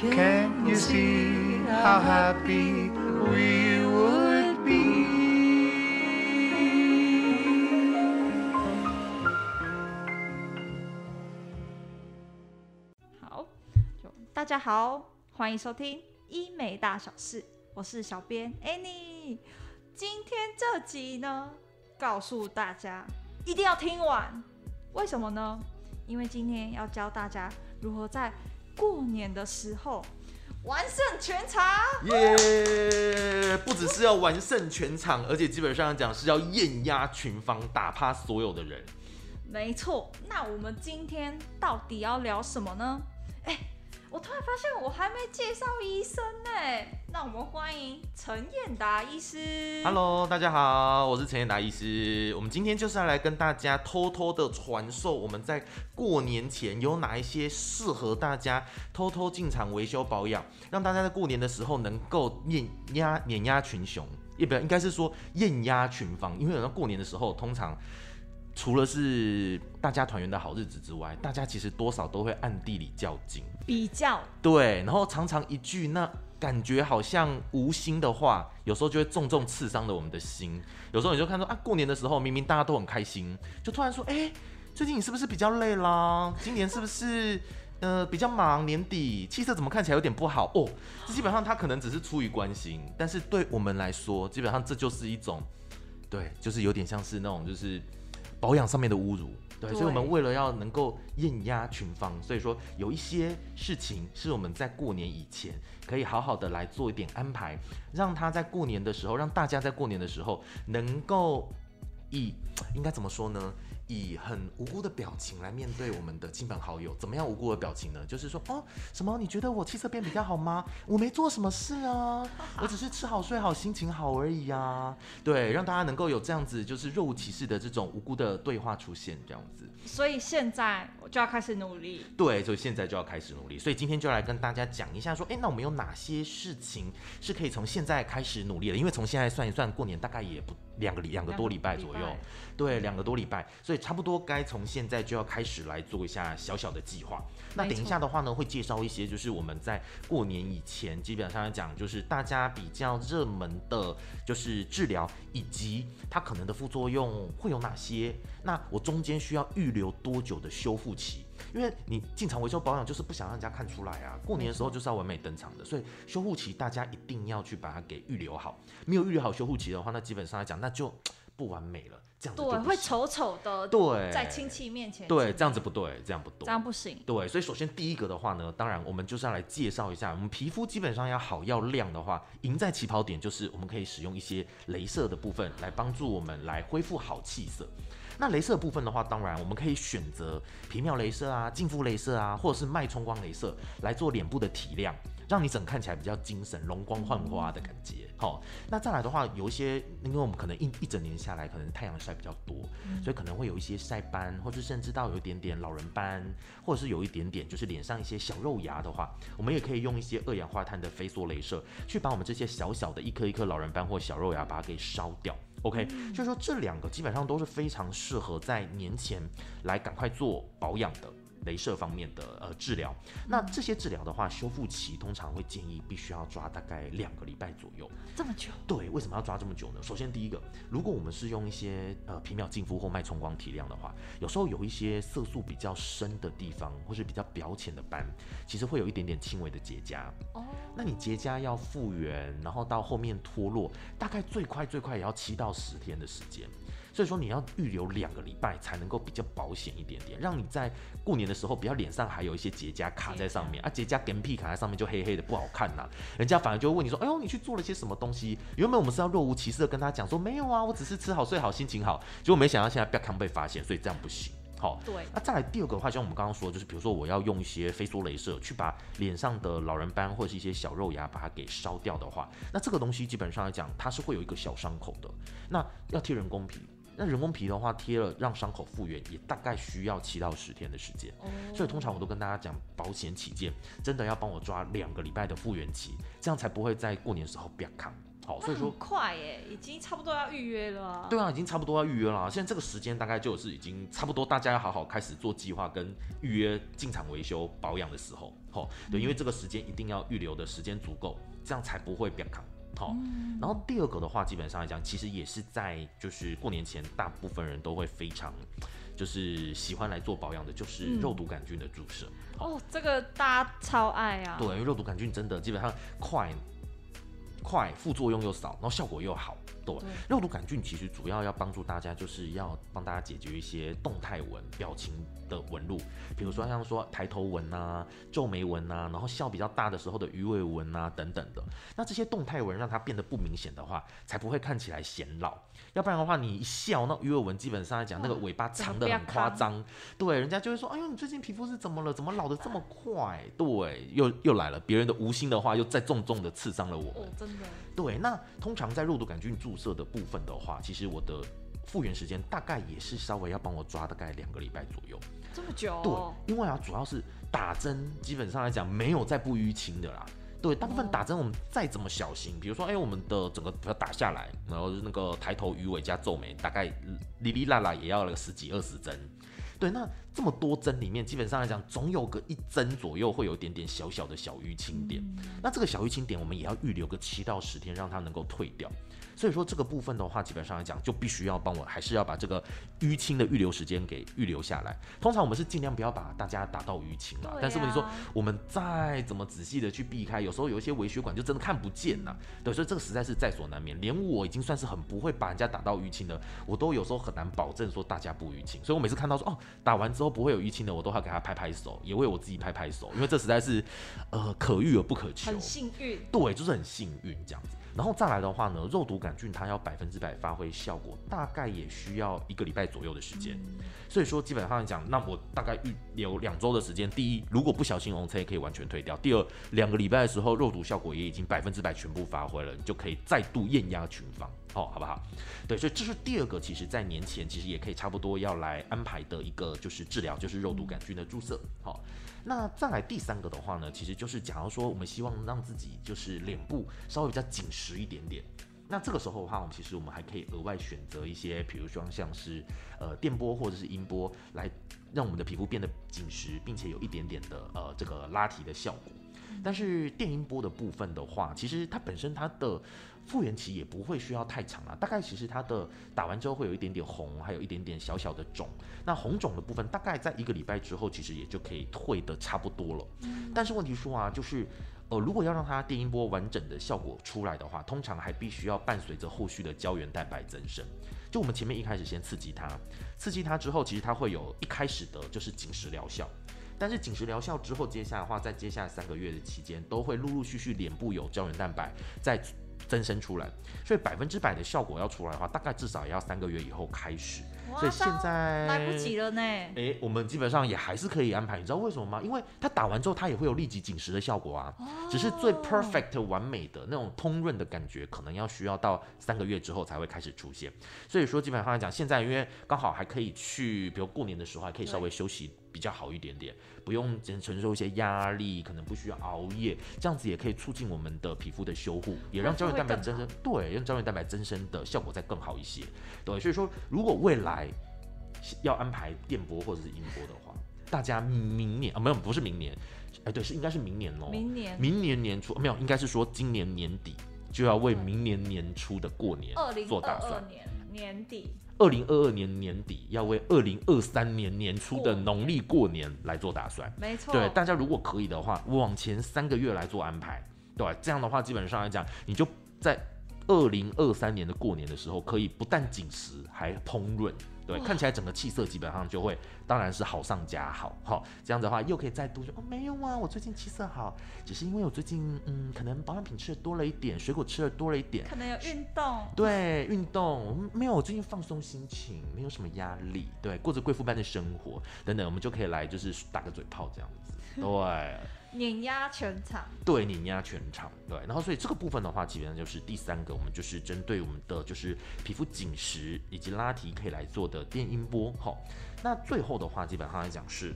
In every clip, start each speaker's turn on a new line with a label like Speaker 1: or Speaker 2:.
Speaker 1: Can you see how happy we would be? 好，大家好，歡迎收聽醫美大小事，我是小編 Annie。今天這集呢，告訴大家一定要聽完。為什麼呢？因為今天要教大家如何在過年的時候，完勝全場！
Speaker 2: 耶、yeah!！不只是要完勝全場，而且基本上講是要艷壓群芳，打趴所有的人。
Speaker 1: 沒錯，那我們今天到底要聊什麼呢？欸我突然發現我還沒介紹醫生呢，那我們歡迎陳彥達醫
Speaker 2: 師。Hello，大家好，我是陳彥達醫師。我們今天就是要來跟大家偷偷的傳授我們在過年前有哪一些適合大家偷偷進場維修保養，讓大家在過年的時候能夠艷壓艷壓群雄，也不應該是說艷壓群芳，因為好像過年的時候通常。除了是大家團圓的好日子之外，大家其實多少都會暗地裡較勁，
Speaker 1: 比較
Speaker 2: 對，然後常常一句那感覺好像無心的話，有時候就會重重刺傷了我們的心。有時候你就看說啊，過年的時候明明大家都很開心，就突然說：“哎、欸，最近你是不是比較累啦？今年是不是呃比較忙？年底氣色怎麼看起來有點不好哦？”這基本上他可能只是出於關心，但是對我們來說，基本上這就是一種對，就是有點像是那種就是。保養上面的侮辱對，對，所以我們為了要能夠豔壓群芳，所以說有一些事情是我們在過年以前可以好好的來做一點安排，讓他在過年的時候，讓大家在過年的時候能夠以應該怎麼說呢？以很無辜的表情來面對我們的親朋好友，怎麼樣無辜的表情呢？就是說，哦，什麼？你覺得我氣色變比較好嗎？我沒做什麼事啊，我只是吃好睡好，心情好而已啊。對，讓大家能夠有這樣子，就是若無其事的這種無辜的對話出現，這樣子。
Speaker 1: 所以現在我就要開始努力。
Speaker 2: 對，所以現在就要開始努力。所以今天就來跟大家講一下，說，哎，那我們有哪些事情是可以從現在開始努力的？因為從現在算一算，過年大概也不兩個兩個多禮拜左右。對，兩個多禮拜，所以差不多該從現在就要開始來做一下小小的計劃。那等一下的話呢，會介紹一些，就是我們在過年以前，基本上來講，就是大家比較熱門的，就是治療以及它可能的副作用會有哪些。那我中間需要預留多久的修復期？因為你進場維修保養就是不想讓人家看出來啊。過年的時候就是要完美登場的，所以修復期大家一定要去把它給預留好。沒有預留好修復期的話，那基本上來講，那就。不完美了，這樣子對會
Speaker 1: 醜醜的，對，在親戚面前對，對這
Speaker 2: 樣子不對，這樣不對，這樣不行，對。所以首先第一個的話呢，當然我們就是要來介紹一下，我們皮膚基本上要好要亮的話，贏在起跑點，就是我們可以使用一些鐳射的部分來幫助我們來恢復好氣色。那鐳射的部分的話，當然我們可以選擇皮秒鐳射啊、淨膚鐳射啊，或者是脈衝光鐳射來做臉部的提亮。讓你整看起來比較精神、容光煥發的感覺。好、嗯哦，那再來的話，有一些，因為我們可能一一整年下來，可能太陽曬比較多、嗯，所以可能會有一些曬斑，或者甚至到有一點點老人斑，或者是有一點點就是臉上一些小肉芽的話，我們也可以用一些二氧化碳的飛梭鐳射，去把我們這些小小的一顆一顆老人斑或小肉芽把它給燒掉。OK，就、嗯、是說這兩個基本上都是非常適合在年前來趕快做保養的。鐳射方面的呃治療，那這些治療的話，修復期通常會建議必須要抓大概兩個禮拜左右。這麼久？對，為什麼要抓這麼久呢？首先第一個，如果我們是用一些呃皮秒淨膚或脈衝光提亮的話，有時候有一些色素比較深的地方或是比較表淺的斑，其實會有一點點輕微的結痂。哦，那你結痂要復原，然後到後面脫落，大概最快最快也要七到十天的時間。所以說你要預留兩個禮拜才能夠比較保險一點點，讓你在過年的時候不要臉上還有一些結痂卡在上面，嗯、啊結痂跟皮卡在上面就黑黑的不好看吶、啊。人家反而就會問你說，哎呦你去做了些什麼東西？原本我們是要若無其事跟他講說沒有啊，我只是吃好睡好心情好。結果沒想到現在不要看，被發現，所以這樣不行。好、哦，對。那、啊、再來第二個的話，像我們剛剛說，就是比如說我要用一些飛梭鐳射去把臉上的老人斑或者是一些小肉芽把它給燒掉的話，那這個東西基本上來講它是會有一個小傷口的，那要貼人工皮。那人工皮的話，貼了讓傷口復原也大概需要七到十天的時間，所以通常我都跟大家講，保險起見，真的要幫我抓兩個禮拜的復原期，這樣才不會在過年時候變康。好，所以說
Speaker 1: 快耶，已經差不多要預約了。對啊，
Speaker 2: 已經差不多要預約了。現在這個時間大概就是已經差不多，大家要好好開始做計劃跟預約進廠維修保養的時候，吼，對，因為這個時間一定要預留的時間足夠，這樣才不會變康。好，然後第二個的話，基本上來講，其實也是在就是過年前，大部分人都會非常就是喜歡來做保養的，就是肉毒桿菌的注射。
Speaker 1: 哦，這個大家超愛啊！對，因
Speaker 2: 為肉毒桿菌真的基本上快快，副作用又少，然後效果又好。對，對，肉毒桿菌其實主要要幫助大家，就是要幫大家解決一些動態紋、表情的紋路，比如說像說抬頭紋吶、啊、皺眉紋吶、啊，然後笑比較大的時候的魚尾紋吶、啊、等等的。那這些動態紋讓它變得不明顯的話，才不會看起來顯老。要不然的話，你一笑，那魚尾紋基本上來講，那個尾巴長得很誇張，對，人家就會說，哎呦，你最近皮膚是怎麼了？怎麼老的這麼快？對，又又來了，別人的無心的話，又再重重的刺傷了我、哦。真的。對，那通常在肉毒桿菌注色的部分的話，其實我的復原時間大概也是稍微要幫我抓大概兩個禮拜左右。
Speaker 1: 這麼久、哦？對，
Speaker 2: 因為啊，主要是打針，基本上來講沒有再不淤青的啦。對，大部分打針我們再怎麼小心，哦、比如說哎、欸，我們的整個打下來，然後那個抬頭、魚尾加皺眉，大概哩哩啦啦也要了十幾二十針。對，那。這麼多針裡面，基本上來講，總有個一針左右會有點點小小的小淤青點。那這個小淤青點，我們也要預留個七到十天，讓它能夠退掉。所以說這個部分的話，基本上來講，就必須要幫我還是要把這個淤青的預留時間給預留下來。通常我們是盡量不要把大家打到淤青啊。但是問題說，我們再怎麼仔細的去避開，有時候有一些微血管就真的看不見吶啊。對，所以這個實在是在所難免。連我已經算是很不會把人家打到淤青的，我都有時候很難保證說大家不淤青。所以我每次看到說哦，打完。都不會有淤青的，我都會給他拍拍手，也為我自己拍拍手，因為這實在是，呃，可遇而不可求。很
Speaker 1: 幸運，
Speaker 2: 對，就是很幸運這樣子。然後再來的話呢，肉毒桿菌它要百分之百發揮效果，大概也需要一個禮拜左右的時間。嗯。所以說基本上講，那我大概預留兩周的時間，第一，如果不小心紅也可以完全退掉；第二，兩個禮拜的時候，肉毒效果也已經百分之百全部發揮了，你就可以再度豔壓群芳。哦，好不好？對，所以這是第二個，其實在年前其實也可以差不多要來安排的一個，就是治療，就是肉毒桿菌的注射。好、哦，那再來第三個的話呢，其實就是假如說我們希望讓自己就是臉部稍微比較緊實一點點，那這個時候的話，我們其實我們還可以額外選擇一些，比如說像是呃電波或者是音波來讓我們的皮膚變得緊實，並且有一點點的呃這個拉提的效果。但是電音波的部分的話，其實它本身它的復原期也不會需要太長啊，大概其實它的打完之後會有一點點紅，還有一點點小小的腫，那紅腫的部分大概在一個禮拜之後其實也就可以退得差不多了。嗯。但是問題說啊，就是呃如果要讓它電音波完整的效果出來的話，通常還必須要伴隨着後續的膠原蛋白增生。就我們前面一開始先刺激它，刺激它之後，其實它會有一開始的就是緊實療效。但是緊實療效之後，接下來的話，在接下來三個月的期間，都會陸陸續續臉部有膠原蛋白再增生出來，所以百分之百的效果要出來的話，大概至少也要三個月以後開始。所以現在來不及了呢？誒，我們基本上也還是可以安排。你知道為什麼嗎？因為它打完之後，它也會有立即緊實的效果啊，只是最 perfect 完美的那種通潤的感覺，可能要需要到三個月之後才會開始出現。所以說基本上來講，現在因為剛好還可以去，比如過年的時候還可以稍微休息。比較好一點點，不用承受一些壓力，可能不需要熬夜，這樣子也可以促進我們的皮膚的修護，也讓膠原蛋白增生，對，讓膠原蛋白增生的效果再更好一些，對，所以說如果未來要安排電波或者是音波的話，大家明年啊，沒有，不是明年，哎，對，是應該是明年哦，明年，明年年初，啊，沒有，應該是說今年年底就要為明年年初的過年做打算。
Speaker 1: 年
Speaker 2: 底，二零二二年年底要為二零二三年年初的農曆過年來做打算。沒錯，對，大家如果可以的話，往前三個月來做安排，對吧？這樣的話，基本上來講，你就在二零二三年的過年的時候，可以不但緊實，還通潤。對，看起來整個氣色基本上就會，當然是好上加好，哈，這樣的話又可以再度說，哦，沒有啊，我最近氣色好，只是因為我最近嗯，可能保養品吃的多了一點，水果吃的多了一點，可
Speaker 1: 能有運動，
Speaker 2: 對，運動，沒有，我最近放鬆心情，沒有什麼壓力，對，過着貴婦般的生活，等等，我們就可以來就是打個嘴炮這樣子，對。
Speaker 1: 碾壓全場，
Speaker 2: 對，碾壓全場，對，然後所以這個部分的話，基本上就是第三個，我們就是針對我們的就是皮膚緊實以及拉提可以來做的電音波，好、哦，那最後的話，基本上來講是，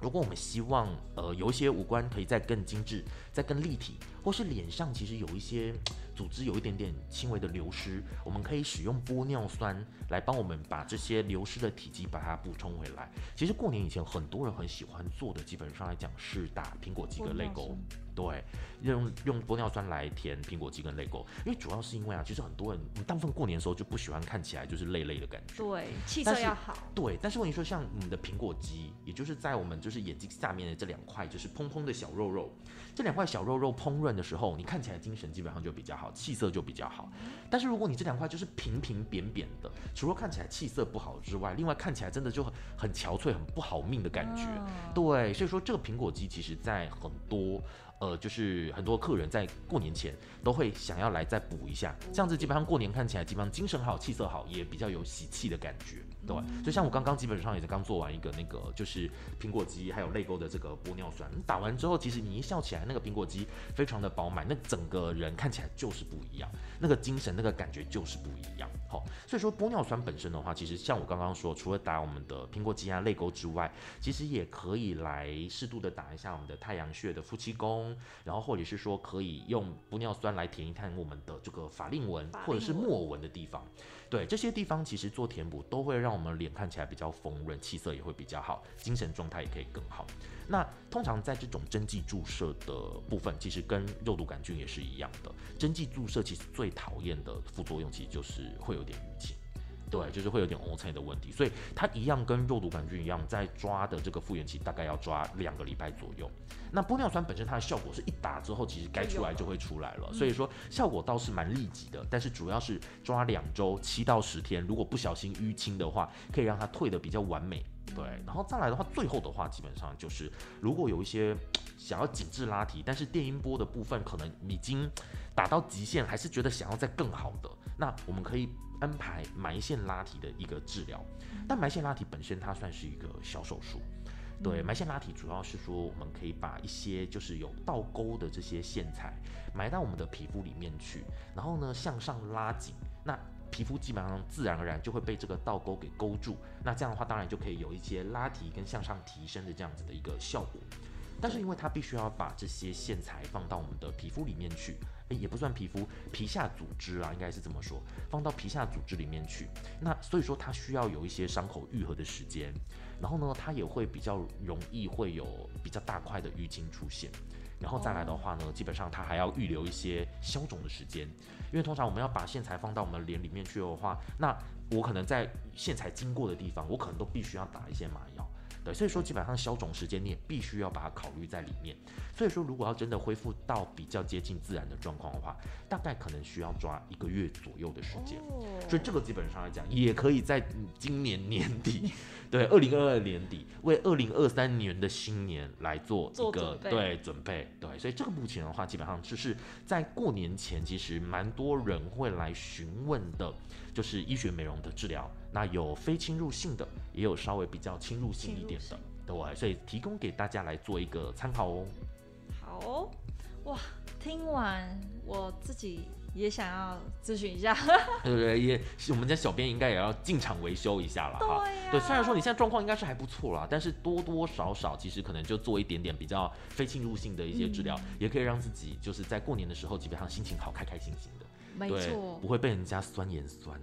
Speaker 2: 如果我們希望呃有一些五官可以再更精致，再更立體，或是臉上其實有一些。組織有一點點輕微的流失，我們可以使用玻尿酸來幫我們把這些流失的體積把它補充回來。其實過年以前很多人很喜歡做的，基本上來講是打蘋果肌跟淚溝，對，用用玻尿酸來填蘋果肌跟淚溝，因為主要是因為啊，其實很多人大部分過年的時候就不喜歡看起來就是累累的感覺，
Speaker 1: 對，氣色要好，
Speaker 2: 對，但是我跟你說，像你的蘋果肌，也就是在我們就是眼睛下面的這兩塊就是嘭嘭的小肉肉，這兩塊小肉肉蓬潤的時候，你看起來精神基本上就比較好。好，氣色就比較好，但是如果你這兩塊就是平平扁扁的，除了看起來氣色不好之外，另外看起來真的就很很憔悴、很不好命的感覺。對，所以說這個蘋果肌其實在很多。呃，就是很多客人在過年前都會想要來再補一下，這樣子基本上過年看起來基本上精神好、氣色好，也比較有喜氣的感覺，對吧？就、嗯、像我剛剛基本上也是剛做完一個那個，就是蘋果肌還有淚溝的這個玻尿酸打完之後，其實你一笑起來那個蘋果肌非常的飽滿，那整個人看起來就是不一樣，那個精神那個感覺就是不一樣。好，所以說玻尿酸本身的話，其實像我剛剛說，除了打我們的蘋果肌啊淚溝之外，其實也可以來適度的打一下我們的太陽穴的夫妻宮。然後或者是說可以用玻尿酸來填一填我們的這個法令紋或者是木偶紋的地方對，對這些地方其實做填補都會讓我們臉看起來比較豐潤，氣色也會比較好，精神狀態也可以更好。那通常在這種針劑注射的部分，其實跟肉毒桿菌也是一樣的，針劑注射其實最討厭的副作用其實就是會有點淤青。對，就是會有點歐彩的問題，所以它一樣跟肉毒桿菌一樣，在抓的這個復原期大概要抓兩個禮拜左右。那玻尿酸本身它的效果是一打之後，其實該出來就會出來了，所以說效果倒是蠻立即的。但是主要是抓兩周七到十天，如果不小心淤青的話，可以讓它退得比較完美。對，然後再來的話，最後的話基本上就是如果有一些想要緊緻拉提，但是電音波的部分可能已經打到極限，還是覺得想要再更好的。那我們可以安排埋線拉提的一個治療，嗯。但埋線拉提本身它算是一個小手術，嗯。對，埋線拉提主要是說我們可以把一些就是有倒鈎的這些線材埋到我們的皮膚裡面去，然後呢向上拉緊，那皮膚基本上自然而然就會被這個倒鈎給勾住。那這樣的話當然就可以有一些拉提跟向上提升的這樣子的一個效果。但是因為它必須要把這些線材放到我們的皮膚裡面去。也不算皮膚，皮下組織啊，應該是這麼說，放到皮下組織裡面去。那所以說它需要有一些傷口癒合的時間，然後呢，它也會比較容易會有比較大塊的淤青出現。然後再來的話呢，基本上它還要預留一些消腫的時間，因為通常我們要把線材放到我們臉裡面去的話，那我可能在線材經過的地方，我可能都必須要打一些麻藥。對，所以說基本上消腫時間你也必須要把它考慮在裡面。所以說，如果要真的恢復到比較接近自然的狀況的話，大概可能需要抓一個月左右的時間。哦、所以這個基本上來講，也可以在今年年底，對，二零二二年底，為二零二三年的新年來做一個做準備，對準備。對，所以這個目前的話，基本上就是在過年前，其實蠻多人會來詢問的，就是醫學美容的治療。那有非侵入性的，也有稍微比較侵入性一點的，對，所以提供給大家來做一個參考哦。
Speaker 1: 好哦，哇，聽完我自己也想要諮詢一下。
Speaker 2: 對,對對，也我們家小編應該也要進場維修一下了哈、啊啊。對，雖然說你現在狀況應該是還不錯啦，但是多多少少其實可能就做一點點比較非侵入性的一些治療、嗯，也可以讓自己就是在過年的時候基本上心情好，開開心心的。
Speaker 1: 沒錯，不
Speaker 2: 會被人家酸言酸語。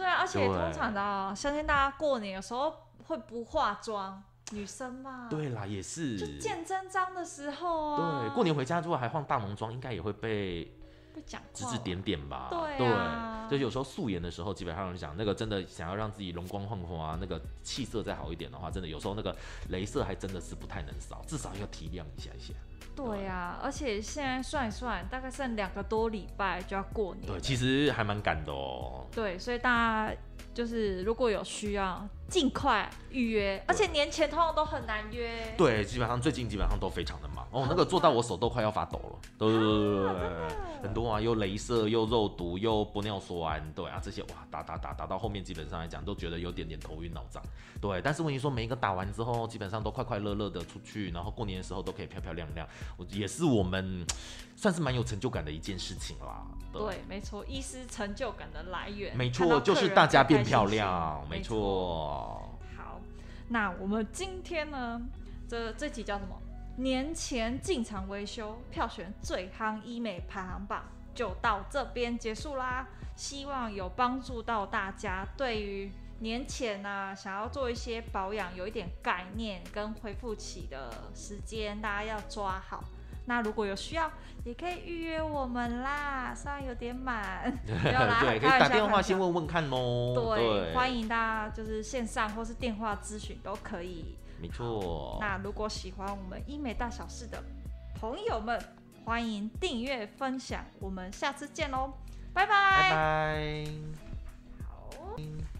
Speaker 1: 對啊，而且通常的啊，相信大家過年有時候會不化妝，女生嘛。對啦，
Speaker 2: 也是。就見
Speaker 1: 真章的時候啊。對，過年回
Speaker 2: 家之後還化大濃妝，應該也會被
Speaker 1: 被講指指
Speaker 2: 點點吧？對，對啊，就有時候素顏的時候，基本上就講那個真的想要讓自己容光煥發啊，那個氣色再好一點的話，真的有時候那個鐳射還真的是不太能少，至少要提亮一下一下。
Speaker 1: 對呀，而且現在算一算，大概剩兩個多禮拜就要過年。
Speaker 2: 對，其實還蠻趕的哦。
Speaker 1: 對，所以大家就是如果有需要。儘快預約，而且年前通常都很難約。
Speaker 2: 對，基本上最近基本上都非常的忙哦。那個做到我手都快要發抖了，對、啊、很多啊，又雷射，又肉毒，又玻尿酸，對啊，這些哇，打打打打到後面基本上來講都覺得有點點頭暈腦脹。對，但是問題說每一個打完之後，基本上都快快樂樂的出去，然後過年的時候都可以漂漂亮亮。我也是我們算是蠻有成就感的一件事情啦。對，對
Speaker 1: 沒錯，醫師，成就感的來源。沒錯，就是大家變漂
Speaker 2: 亮，沒錯。
Speaker 1: 哦、好，那我們今天呢，這這集叫什麼？年前進場維修票選最夯醫美排行榜就到這邊結束啦。希望有幫助到大家，對於年前啊，想要做一些保養，有一點概念跟恢復期的時間，大家要抓好。那如果有需要，也可以預約我們啦，雖然有點滿。 有啦 對，可以打電話先
Speaker 2: 問問看嘍。對，歡迎
Speaker 1: 大家，就是線上或是電話諮詢都可以。
Speaker 2: 沒錯。那
Speaker 1: 如果喜歡我們醫美大小事的朋友們，歡迎訂閱分享，我們下次見嘍，拜拜。拜
Speaker 2: 拜。